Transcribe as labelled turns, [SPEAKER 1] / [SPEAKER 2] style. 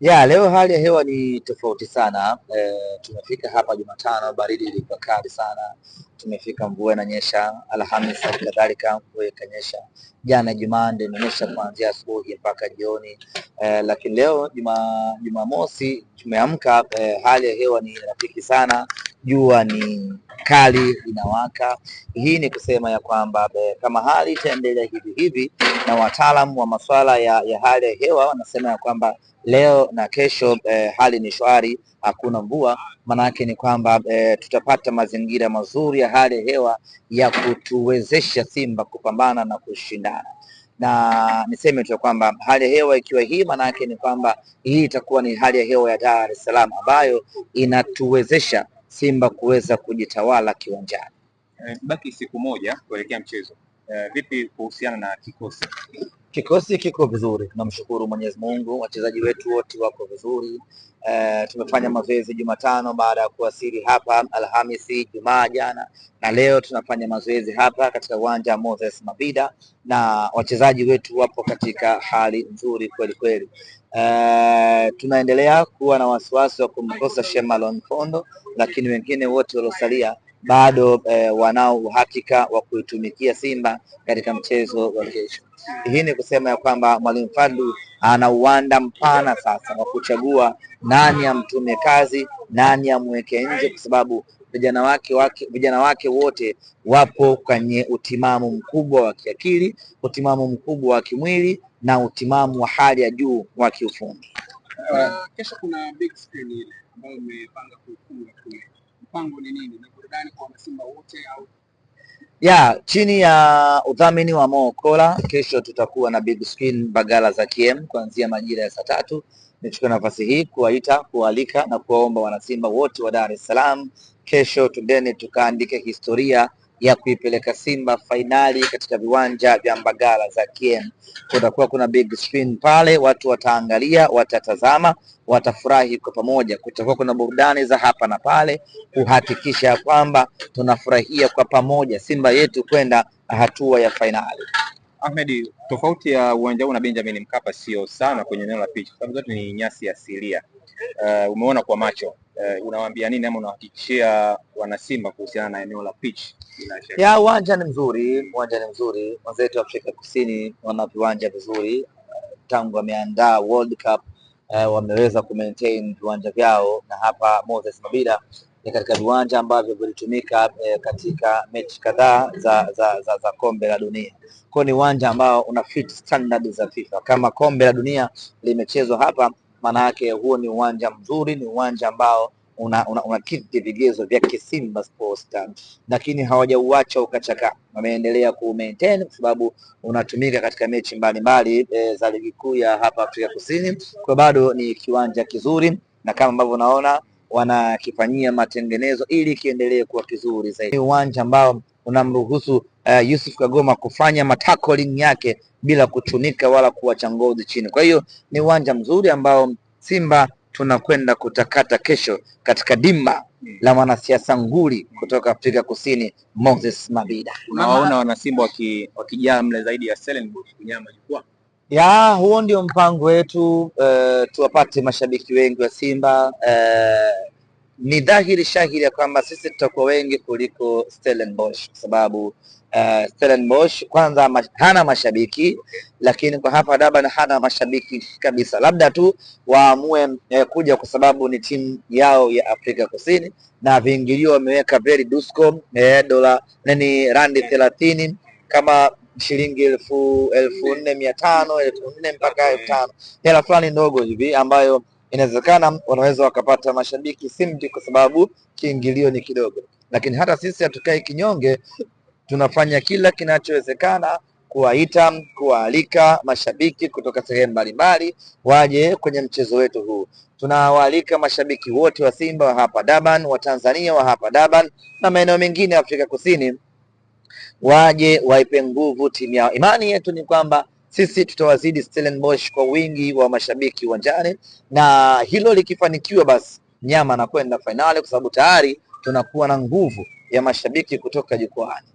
[SPEAKER 1] Ya leo hali ya hewa ni tofauti sana e, tumefika hapa Jumatano, baridi ilikuwa kali sana, tumefika mvua inanyesha. Alhamisi hali kadhalika mvua ikanyesha, jana Ijumaa ndio imenyesha kuanzia asubuhi mpaka jioni e, lakini leo Jumamosi tumeamka e, hali ya hewa ni rafiki sana jua ni kali linawaka. Hii ni kusema ya kwamba kama hali itaendelea hivi hivi, na wataalamu wa masuala ya, ya hali ya hewa wanasema ya kwamba leo na kesho eh, hali ni shwari, hakuna mvua. Maanake ni kwamba eh, tutapata mazingira mazuri ya hali ya hewa ya kutuwezesha Simba kupambana na kushindana na niseme tu kwamba hali ya hewa ikiwa hii, maana yake ni kwamba hii itakuwa ni hali ya hewa ya Dar es Salaam ambayo inatuwezesha Simba kuweza kujitawala kiwanjani.
[SPEAKER 2] Eh, baki siku moja kuelekea mchezo, eh, vipi kuhusiana na kikosi?
[SPEAKER 1] Kikosi kiko vizuri, tunamshukuru Mwenyezi Mungu, wachezaji wetu wote wako vizuri. E, tumefanya mazoezi Jumatano baada ya kuwasili hapa Alhamisi, Jumaa jana na leo tunafanya mazoezi hapa katika uwanja wa Moses Mabida, na wachezaji wetu wapo katika hali nzuri kweli kweli. E, tunaendelea kuwa na wasiwasi wa kumkosa Shemalon Fondo, lakini wengine wote waliosalia bado e, wanao uhakika wa kuitumikia Simba katika mchezo wa kesho. Hii ni kusema ya kwamba Mwalimu Fadlu ana uwanda mpana sasa wa kuchagua nani amtume kazi, nani amweke nje, kwa sababu vijana wake wake vijana wake wote wapo kwenye utimamu mkubwa wa kiakili, utimamu mkubwa wa kimwili na utimamu wa hali ya juu wa kiufundi.
[SPEAKER 2] Uh, kesho kuna big screen ile ambayo umepanga kuifunga kule mpango ni nini Ni burudani kwa wanasimba wote au
[SPEAKER 1] ya chini ya udhamini wa Mookola. Kesho tutakuwa na big screen Bagala za KM kuanzia majira ya saa tatu. Nichukua nafasi hii kuwaita, kuwaalika na kuwaomba wanasimba wote wa Dar es Salaam, kesho tundeni tukaandike historia ya kuipeleka Simba fainali katika viwanja vya Mbagala za KM. Kutakuwa kuna big screen pale, watu wataangalia, watatazama, watafurahi kwa pamoja. Kutakuwa kuna burudani za hapa na pale, kuhakikisha ya kwamba tunafurahia kwa pamoja Simba yetu kwenda hatua ya fainali.
[SPEAKER 2] Ahmed, tofauti ya uwanja huu na Benjamin Mkapa sio sana kwenye eneo la pitch, sababu zote ni nyasi asilia. Uh, umeona kwa macho uh, eh, unawaambia nini ama unawahakikishia wanasimba kuhusiana na eneo la pitch?
[SPEAKER 1] Ya uwanja ni mzuri, uwanja ni mzuri. Wenzetu Afrika Kusini wana viwanja vizuri eh, tangu wameandaa World Cup uh, wameweza maintain viwanja vyao, na hapa Moses Mabida ni katika viwanja ambavyo vilitumika eh, katika mechi kadhaa za, za, za, za kombe la dunia. Kwa ni uwanja ambao una fit standard za FIFA. Kama kombe la dunia limechezwa hapa Maanake huo ni uwanja mzuri, ni uwanja ambao una, una, vigezo vya Kisimba Sports Club, lakini hawajauacha ukachakaa, wameendelea ku maintain kwa sababu unatumika katika mechi mbalimbali e, za ligi kuu ya hapa Afrika Kusini, kwa bado ni kiwanja kizuri, na kama ambavyo unaona wanakifanyia matengenezo ili kiendelee kuwa kizuri zaidi. Ni uwanja ambao unamruhusu uh, Yusuf Kagoma kufanya matackling yake bila kuchunika wala kuacha ngozi chini. Kwa hiyo ni uwanja mzuri ambao Simba tunakwenda kutakata kesho katika dimba la mwanasiasa nguli kutoka Afrika Kusini Moses Mabida.
[SPEAKER 2] Unawaona wanasimba wakijaa waki mle zaidi ya Stellenbosch kwenye majukwaa
[SPEAKER 1] ya huo ndio mpango wetu, uh, tuwapate mashabiki wengi wa Simba uh, ni dhahiri shahiri ya kwamba sisi tutakuwa wengi kuliko Stellenbosch kwa sababu uh, Stellenbosch kwanza mash, hana mashabiki, lakini kwa hapa Durban hana mashabiki kabisa, labda tu waamue eh, kuja kwa sababu ni timu yao ya Afrika Kusini, na viingilio wameweka very dusko eh, dola nani randi thelathini kama shilingi elfu elfu nne mia tano elfu nne mpaka elfu tano hela fulani ndogo hivi ambayo inawezekana wanaweza wakapata mashabiki simti, kwa sababu kiingilio ni kidogo, lakini hata sisi hatukai kinyonge, tunafanya kila kinachowezekana kuwaita kuwaalika mashabiki kutoka sehemu mbalimbali waje kwenye mchezo wetu huu. Tunawaalika mashabiki wote wa Simba wa hapa Durban, wa Tanzania wa hapa Durban na maeneo mengine ya Afrika Kusini waje waipe nguvu timu yao. Imani yetu ni kwamba sisi tutawazidi Stellenbosch kwa wingi wa mashabiki uwanjani, na hilo likifanikiwa, basi nyama anakwenda fainali, kwa sababu tayari tunakuwa na nguvu ya mashabiki kutoka jukwaani.